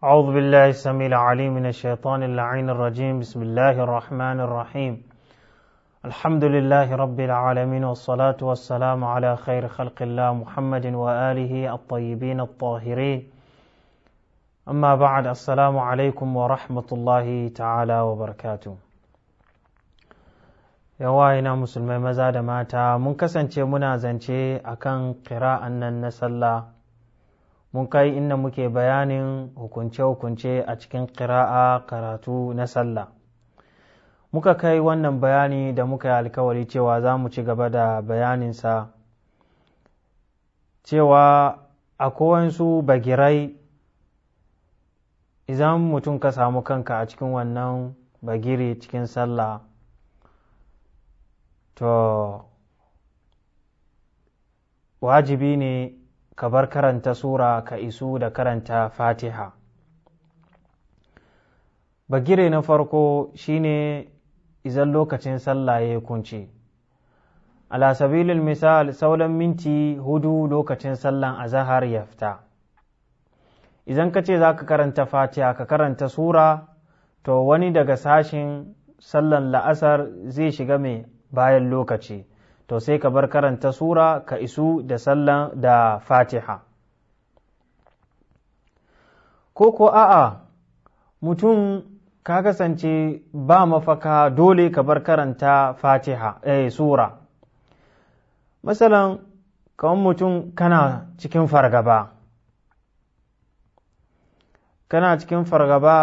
أعوذ بالله السميع العليم من الشيطان اللعين الرجيم بسم الله الرحمن الرحيم الحمد لله رب العالمين والصلاة والسلام على خير خلق الله محمد وآله الطيبين الطاهرين أما بعد السلام عليكم ورحمة الله تعالى وبركاته yawayina musulmai maza da mata mun kasance muna zance akan ƙira'an nan na sallah mun kai inda muke bayanin hukunce-hukunce a cikin ƙira'a karatu na sallah muka kai wannan bayani da muka yi alkawari cewa za mu ci gaba da bayaninsa cewa a kowansu bagirai idan mutum ka samu kanka a cikin wannan bagiri cikin sallah to wajibi ne ka bar karanta sura ka isu da karanta fatiha bagire na farko shine izan lokacin sallah ya kunce ala sabilin misal saulan minti hudu lokacin sallan azahar ya fita idan ka ce za ka karanta fatiha ka karanta sura to wani daga sashin sallan la'asar zai shiga mai bayan lokaci to sai ka bar karanta sura ka isu da sallan da fatiha ko ko a'a mutum ka kasance ba mafaka dole ka bar karanta fatiha eh sura masalan kawan mutum kana cikin fargaba kana cikin fargaba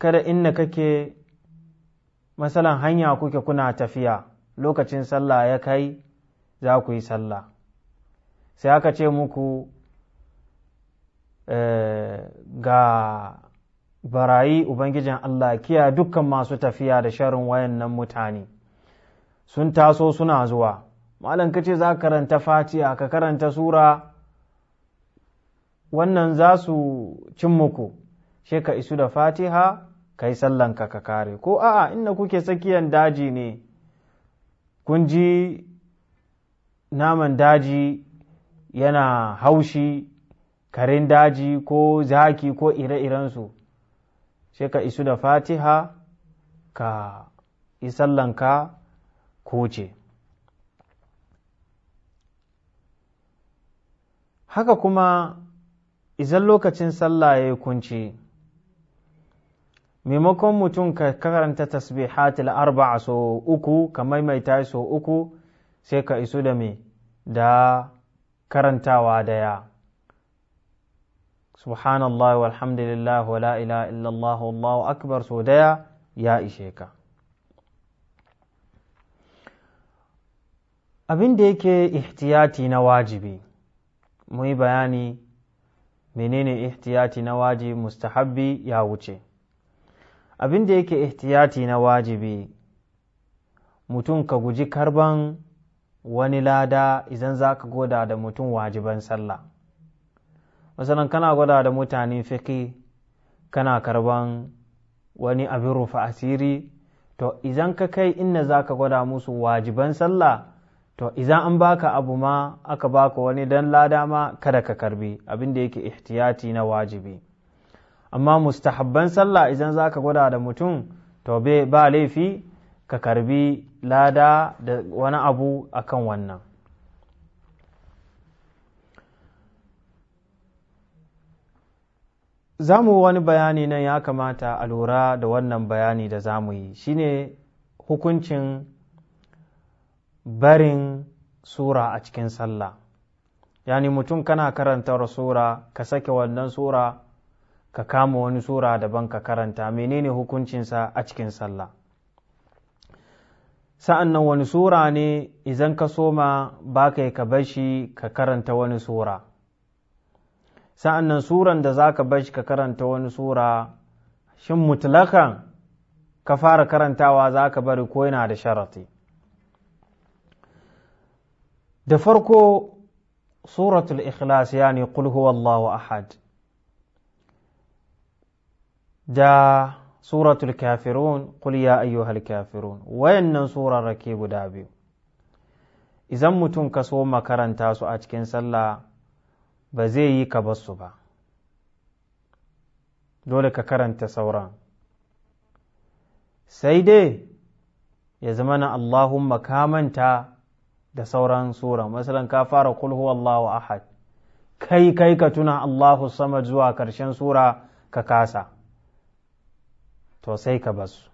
kada inda kake masalan hanya kuke kuna tafiya lokacin sallah ya kai za ku yi sallah sai aka ce muku eh, ga barayi ubangijin Allah kiya dukkan masu tafiya da sharin wayannan mutane sun taso suna zuwa malam kace za ka karanta fatiha ka karanta sura wannan za su cin muku she ka isu da fatiha kai sallanka ka kare ko a'a inda kuke tsakiyan daji ne kun ji naman daji yana haushi karin daji ko zaki ko ire-irensu sai ka isu da fatiha ka yi sallanka koce haka kuma izan lokacin sallah ya kunci maimakon mutum ka karanta tasbihatil arba'a so uku ka maimaita so uku sai ka isu da me da karantawa daya subhanallah walhamdulillah wa la ilaha illallah wallahu akbar so daya ya ishe ka abin da yake ihtiyati na wajibi mu yi bayani menene ihtiyati na wajibi mustahabbi ya wuce abin da yake ihtiyati na wajibi mutum ka guji karban wani lada idan za ka goda da mutum wajiban sallah masalan kana gwada da mutanen fiki kana karban wani abin rufa asiri to idan ka kai inda za ka gwada musu wajiban sallah to idan an baka abu ma aka baka wani dan lada ma kada ka karbi abin da yake ihtiyati na wajibi amma mustahabban sallah idan za ka gwada da mutum to ba laifi ka karbi lada da wani abu a kan wannan za mu wani bayani nan ya kamata a lura da wannan bayani da za mu yi shine hukuncin barin sura a cikin sallah yani mutum kana karanta sura ka sake wannan sura ka kama wani sura daban ka karanta menene hukuncinsa a cikin sallah sa'an nan wani sura ne idan ka soma ba ka yi ka bashi ka karanta wani sura sa'an nan suran da za ka bashi ka karanta wani sura shin mutlakan ka fara karantawa za ka bari ko yana da sharati da farko suratul ikhlas yani qul huwallahu ahad da suratul kafirun qul ya ayyuhal kafirun wayannan surarrake guda biyu idan mutum ka so makaranta su a cikin sallah ba zai yi ka basu ba dole ka karanta sauran sai dai ya zama na Allahumma ka manta da sauran sura masalan ka fara kul huwallahu ahad kai kai ka tuna Allahu samad zuwa karshen sura ka kasa to sai ka basu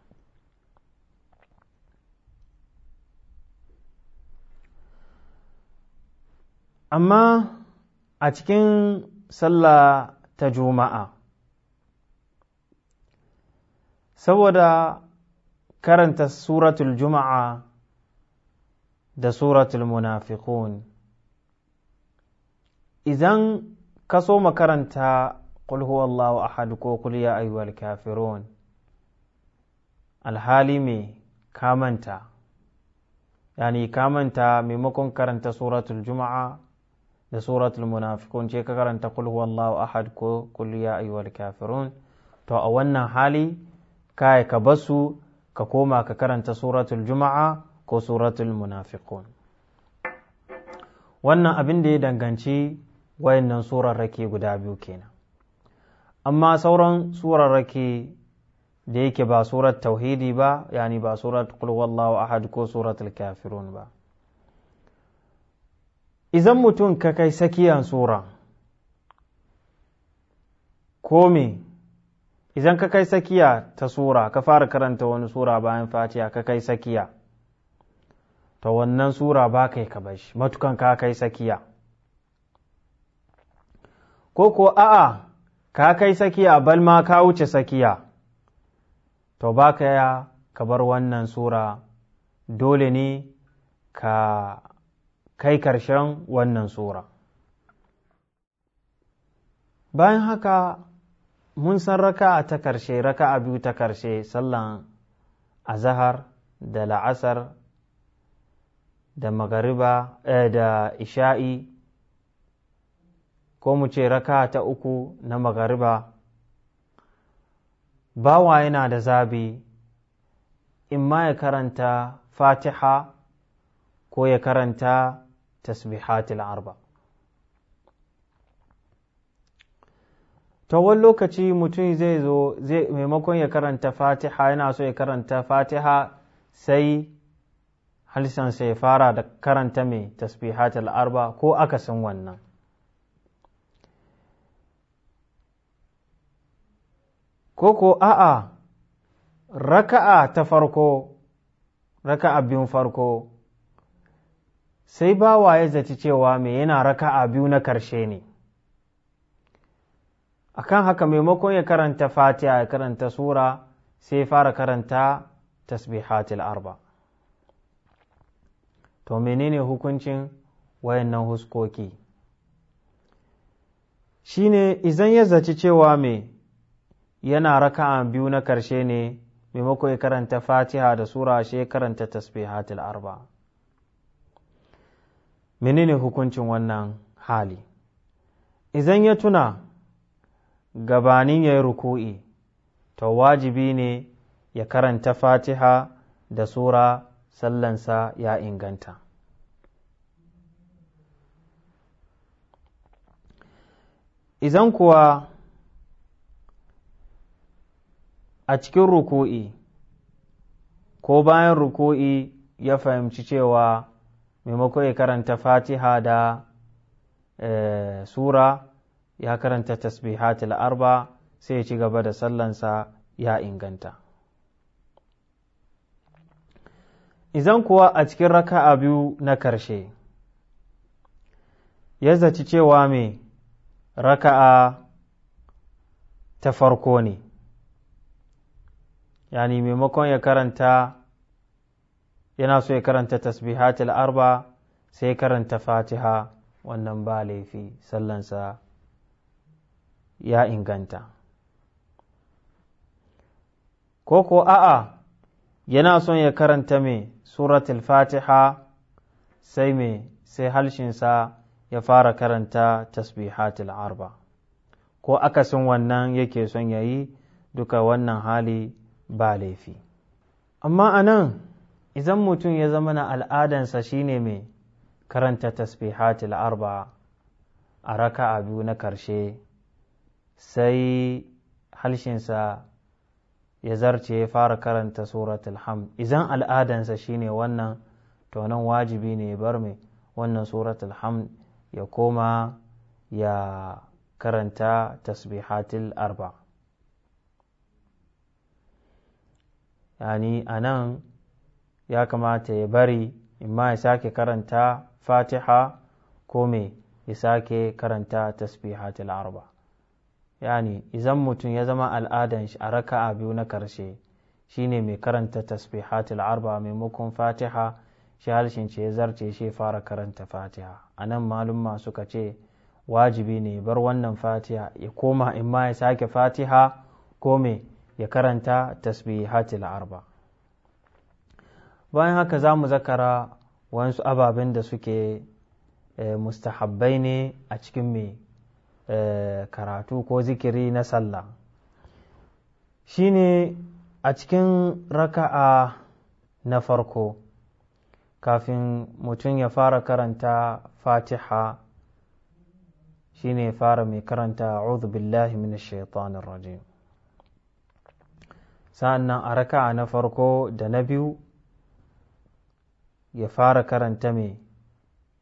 amma a cikin sallah ta juma'a saboda karanta suratul juma'a da suratul munafiqun idan ka so makaranta قل هو الله ko وقل يا أيها الكافرون alhali mai kamanta yani kamanta maimakon karanta suratul juma'a da suratul munafikun ce ka karanta kul huwallahu ahad ko kulliya ya kafirun to a wannan hali kai ka basu ka koma ka karanta suratul juma'a ko suratul munafikun wannan abin da ya danganci wayannan surarrake guda biyu kenan amma sauran surarrake da yake ba surat tauhidi ba yani ba surat kulwallahu ahad ko surat kafirun ba idan mutum ka kai sakiyan sura ko me idan ka kai sakiya ta sura ka fara karanta wani sura bayan fatiha ka kai sakiya to wannan sura ba kai ka bashi matukan ka kai sakiya ko ko a'a ka kai sakiya bal ka wuce sakiya to ba ka ya ka bar wannan sura dole ne ka kai karshen wannan sura bayan haka mun san raka'a ta karshe raka'a biyu ta karshe sallan azahar da la'asar da magariba eh, da isha'i ko mu ce raka ta uku na magariba bawa yana da zabi in ma ya karanta fatiha ko ya karanta tasbihatul arba ta wani lokaci mutum zai zo maimakon ya karanta fatiha yana so ya karanta fatiha sai halisansa ya fara da karanta mai tasbihatul arba ko akasin wannan ko ko a'a raka'a ta farko raka'a biyun farko sai bawa ya zaci cewa me yana raka'a biyu na karshe ne akan haka maimakon ya karanta fatiha ya karanta sura sai ya fara karanta tasbihatil arba to menene hukuncin wayannan huskoki shine izan ya zaci cewa me yana raka'a biyu na karshe ne maimako ya karanta fatiha da sura shi ya karanta tasbihatul arba menene hukuncin wannan hali idan ya tuna gabanin ya yi ruku'i to wajibi ne ya karanta fatiha da sura sallansa ya inganta idan kuwa a cikin ruku'i ko bayan ruku'i ya fahimci cewa maimako ya karanta fatiha da eh, sura ya karanta tasbihatul arba sai ya ci gaba da sallansa ya inganta izan kuwa a cikin raka'a biyu na karshe ya zaci cewa mai raka'a ta farko ne yani maimakon ya karanta yana so ya karanta tasbihatul arba sai karanta fatiha wannan ba laifi sallansa ya inganta ko ko a'a yana son ya karanta mai suratul fatiha sai mai sai halshinsa ya fara karanta tasbihatul arba ko akasin wannan yake son ya yi duka wannan hali ba laifi amma a nan idan mutum ya zama na al'adansa shine mai karanta tasbihatil arba a raka'a biyu na ƙarshe sai halshinsa ya zarce ya fara karanta suratul hamd idan al'adansa shine wannan tonon wajibi ne ya bar mai wannan suratul hamd ya koma ya karanta tasbihatil arba'a. yani a nan ya kamata ya bari imma ya sake karanta fatiha ko me ya sake karanta tasbihatul arba yani izan mutum ya zama al'adan shi a raka'a biyu na karshe shine mai karanta tasbihatul arba maimakon fatiha shi halshin ce ya zarce shi fara karanta fatiha a nan malumma suka ce wajibi ne bar wannan fatiha ya koma in ma ya sake fatiha ko me ya karanta tasbihatil arba bayan haka za mu zakara wasu ababen da suke eh, mustahabbai ne a cikin mai eh, karatu ko zikiri na sallah shine a cikin raka'a na farko kafin mutum ya fara karanta fatiha shine ya fara mai karanta a'udhu billahi minash shaitanir rajim sa'an a raka'a na farko da na biyu ya fara karanta mai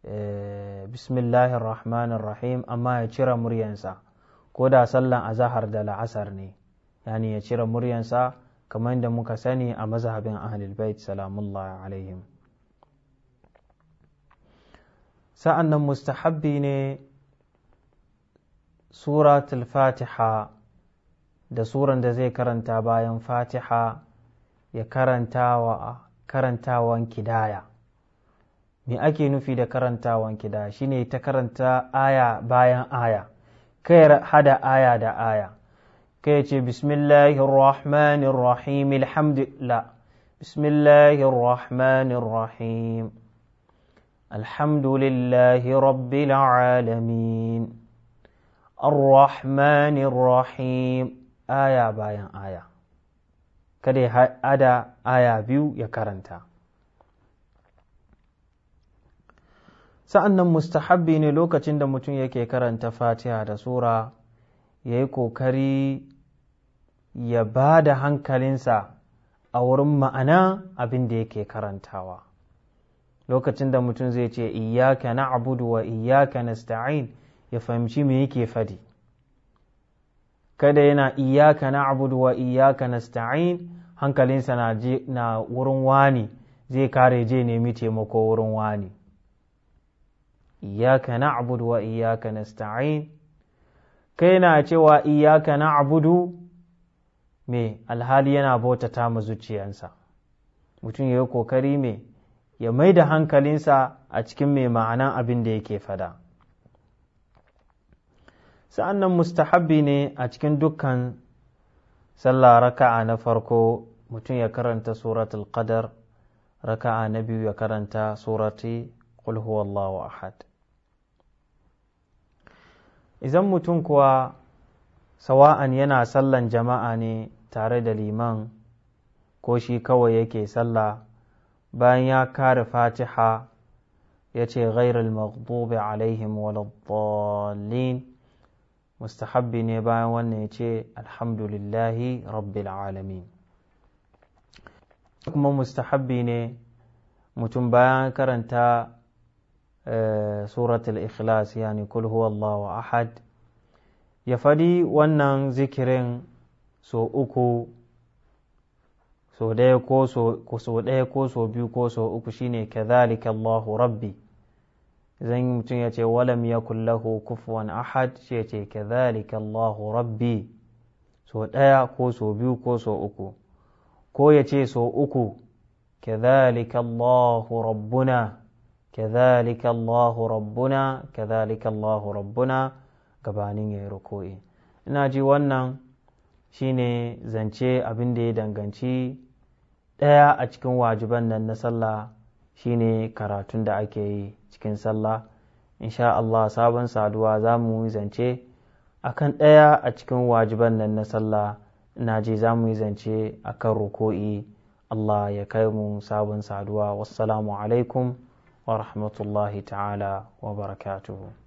eh, bismillahir rahmanir rahim amma ya cire muryansa ko da sallan azahar da la'asar ne yani ya cire muryansa kamar da muka sani a mazhabin ahlul bait salamullahi alaihim sa'an mustahabbi ne suratul fatiha da suran da zai karanta bayan fatiha ya karantawa karantawan kidaya me ake nufi da karantawan kidaya shine ta karanta aya bayan aya kai hada aya da aya kai ce bismillahir rahmanir rahim alhamdulillah bismillahir rahmanir rahim alhamdulillahi rabbil alamin الرحمن الرحيم aya bayan aya kada ya ada aya biyu ya karanta sa'an nan mustahabbi ne lokacin da mutum yake karanta fatiha da sura ya yi ƙoƙari ya ba da hankalinsa a wurin ma'ana abin da yake karantawa lokacin da mutum zai ce iyaka na abudu wa iyaka nasta'in ya fahimci me yake fadi kada yana iyaka na abudu wa iyaka nasta'in hankalinsa na, na wurin wani zai kare je nemi taimako wurin wani iyaka na abudu wa iyaka nasta'in kai na cewa iyaka na abudu me alhali yana bautata ma zuciyansa mutum ya yi kokari me ya mai da hankalinsa a cikin mai ma'anan abin da yake fada sa'an nan mustahabbi ne a cikin dukkan sallah raka'a na farko mutum ya karanta suratul qadar raka'a na biyu ya karanta surati qul huwallahu ahad idan mutum kuwa sawa'an yana sallan jama'a ne tare da liman ko shi kawai yake sallah bayan ya kare fatiha ya ce ghairul maghdubi alaihim waladdallin mustahabbi ne bayan wannan ya ce alhamdulillahi rabbil alamin kuma mustahabbi ne mutum bayan karanta eh, suratul ikhlas yani kul huwallahu ahad ya fadi wannan zikirin so uku so ɗaya ko so biyu ko so uku shine kadhalika allahu rabbi zan yi mutum ya ce walam ya kullahu kufuwan ahad shi ya ce kadhalika Allahu rabbi so ɗaya ko so biyu ko so uku ko ya ce so uku kadhalika Allahu rabbuna kadhalika Allahu rabbuna kadhalika Allahu rabbuna gabanin ya yi rukoi ina ji wannan shine zance abin da ya danganci ɗaya a cikin wajiban nan na sallah shine karatun da ake yi cikin sallah insha Allah sabon saduwa za mu yi zance akan ɗaya a cikin wajiban nan na sallah na je za mu yi zance akan ruko'i Allah ya kai mu sabon saduwa wassalamu alaikum wa rahmatullahi ta'ala wa barakatuhu